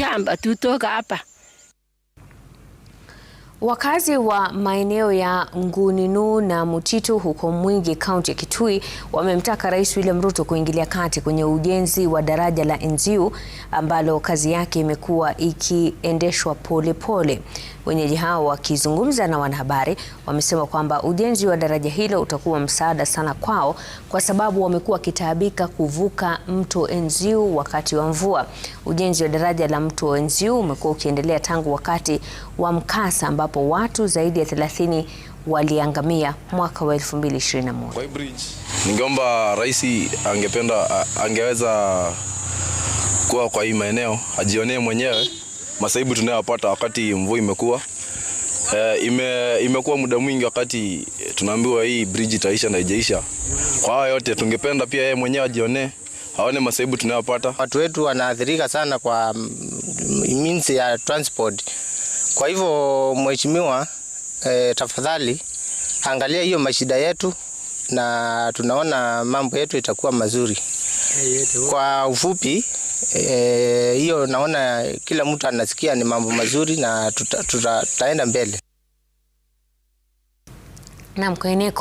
shamba tutoka hapa. Wakazi wa maeneo ya Nguninu na Mutitu huko Mwingi kaunti ya Kitui wamemtaka Rais William Ruto kuingilia kati kwenye ujenzi wa daraja la Enziu ambalo kazi yake imekuwa ikiendeshwa polepole. Wenyeji hao wakizungumza na wanahabari wamesema kwamba ujenzi wa daraja hilo utakuwa msaada sana kwao kwa sababu wamekuwa wakitaabika kuvuka mto Enziu wakati wa mvua. Ujenzi wa daraja la mto Enziu umekuwa ukiendelea tangu wakati wa mkasa ambapo watu zaidi ya 30 waliangamia mwaka wa 2021. Ningeomba rais angependa angeweza kuwa kwa hii maeneo ajionee mwenyewe masaibu tunayopata wakati mvua imekuwa Uh, ime, imekuwa muda mwingi wakati tunaambiwa hii bridge itaisha na ijaisha. Kwa hayo yote tungependa pia yeye mwenyewe ajione, aone masaibu tunayopata. Watu wetu wanaathirika sana kwa mm, means ya transport. Kwa hivyo mheshimiwa, eh, tafadhali angalia hiyo mashida yetu na tunaona mambo yetu itakuwa mazuri. Kwa ufupi Eh, hiyo e, naona kila mtu anasikia ni mambo mazuri na tuta, tuta, tutaenda mbele. Naam, kwenye